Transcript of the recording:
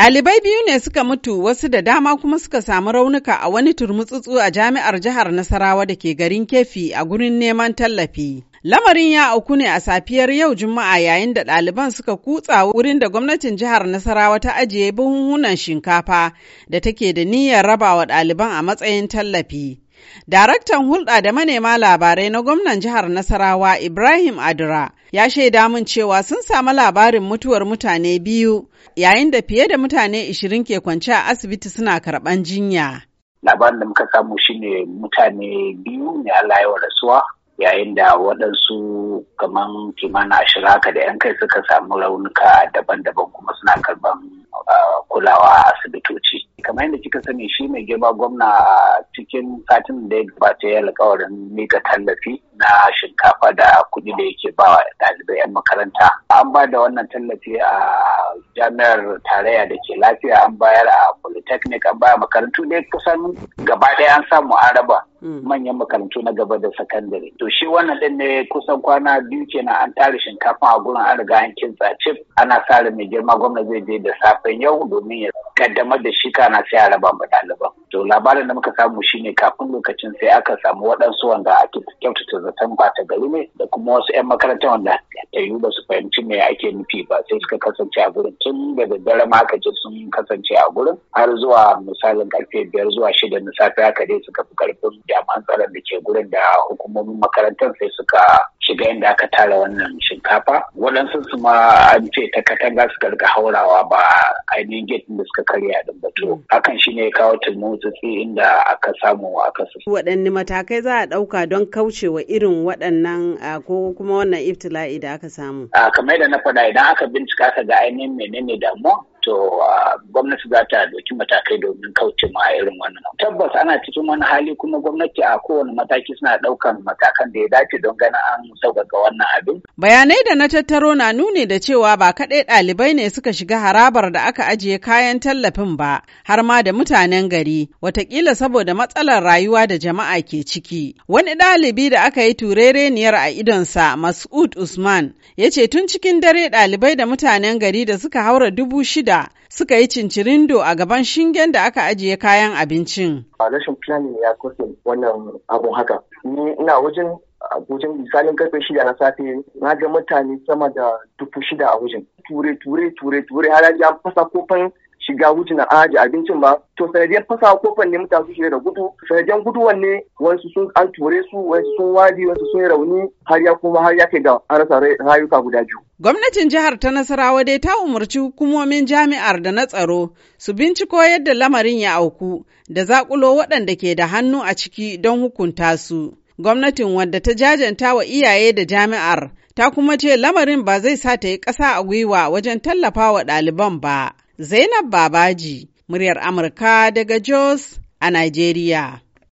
Ɗalibai biyu ne suka mutu wasu da dama kuma suka samu raunuka a wani turmutsutsu a jami'ar jihar Nasarawa da ke garin Kefi a gurin neman tallafi. Lamarin ya auku ne a safiyar yau Juma'a yayin da ɗaliban suka kutsa wurin da gwamnatin jihar Nasarawa ta ajiye buhunhunan shinkafa da take da niyyar rabawa ɗaliban a matsayin tallafi. Daraktan hulɗa da manema labarai na gwamnan jihar Nasarawa Ibrahim Adura ya shaida mun cewa sun samu labarin mutuwar mutane biyu yayin da fiye da mutane ishirin ke kwance a asibiti suna karɓan jinya. Labarin da muka samu shine mutane biyu ne Allah ya rasuwa yayin da waɗansu kaman kimanin ashirin haka da 'yan kai suka samu raunuka daban-daban kuma suna karɓan ah, kulawa a asibitoci. Kamar yadda kika sani shi mai girma gwamna cikin satin da ya gabata ya alkawarin mika tallafi na shinkafa da kuɗi da yake ba wa ɗalibai 'yan makaranta. An ba da wannan tallafi a jami'ar tarayya da ke lafiya an bayar a polytechnic an bayar makarantu ne kusan gaba ɗaya an samu an Mm. manyan makarantu na gaba da sakandare. To shi wannan din ne kusan kwana biyu kenan an tare shinkafa a gurin an riga an kintsa cif ana sare mai girma gwamna zai je da safen yau domin ya kaddamar da shi kana sai a raba ma ɗaliban. To labarin da muka samu shine kafin lokacin sai aka samu waɗansu wanda ake kyautata zaton ba ta gari ne da kuma wasu 'yan makaranta wanda ta yi ba su fahimci me ake nufi ba sai suka kasance a gurin tun da dare ma aka ce sun kasance a gurin har zuwa misalin karfe biyar zuwa shida na safe aka dai suka fi karfin jami'an tsaron da ke gurin da hukumomin makarantar sai suka shiga inda aka tara wannan shinkafa waɗansu su ma an ce ta katanga suka rika haurawa ba ainihin gate da suka karya din ba to mm. hakan shine ne kawo turmutsutsi inda aka samu aka su waɗanne matakai za a ɗauka don kaucewa irin waɗannan ko kuma wannan iftila'i da aka samu a kamar da na faɗa idan aka bincika aka ga ainihin menene damuwa to gwamnati za ta ɗauki matakai domin kauce ma irin wannan tabbas ana cikin wani hali kuma gwamnati a kowane mataki suna ɗaukan matakan da ya dace don ganin an mu sauƙaƙa wannan abin. Bayanai da na tattaro na nuni da cewa ba kaɗai ɗalibai ne suka shiga harabar da aka ajiye kayan tallafin ba, har ma da mutanen gari, watakila saboda matsalar rayuwa da jama'a ke ciki. Wani ɗalibi da aka yi turereniyar a idonsa, Mas'ud Usman, ya ce tun cikin dare ɗalibai da mutanen gari da suka haura dubu shida suka yi cincirindo a gaban shingen da aka ajiye kayan abincin. Rashin planning ya kusa wannan abun haka. Ni ina wajen wajen misalin karfe shida na safe na ga mutane sama da dubu shida a wujin ture ture ture ture har an fasa kofan shiga wujin na aji abincin ba to sanadiyar fasa kofan ne mutane su da gudu sanadiyar guduwan ne wasu sun an ture su wasu sun wadi wasu sun rauni har ya kuma har ya kai ga an rasa rayuka guda biyu Gwamnatin jihar ta Nasarawa dai ta umarci hukumomin jami'ar da na tsaro su binciko yadda lamarin ya auku da zakulo waɗanda ke da hannu a ciki don hukunta su. Gwamnatin wadda ta jajanta wa iyaye da jami'ar ta kuma ce lamarin ba zai sa ta yi ƙasa a gwiwa wajen tallafa wa ɗaliban ba. Zainab Babaji, muryar Amurka daga Jos a Najeriya.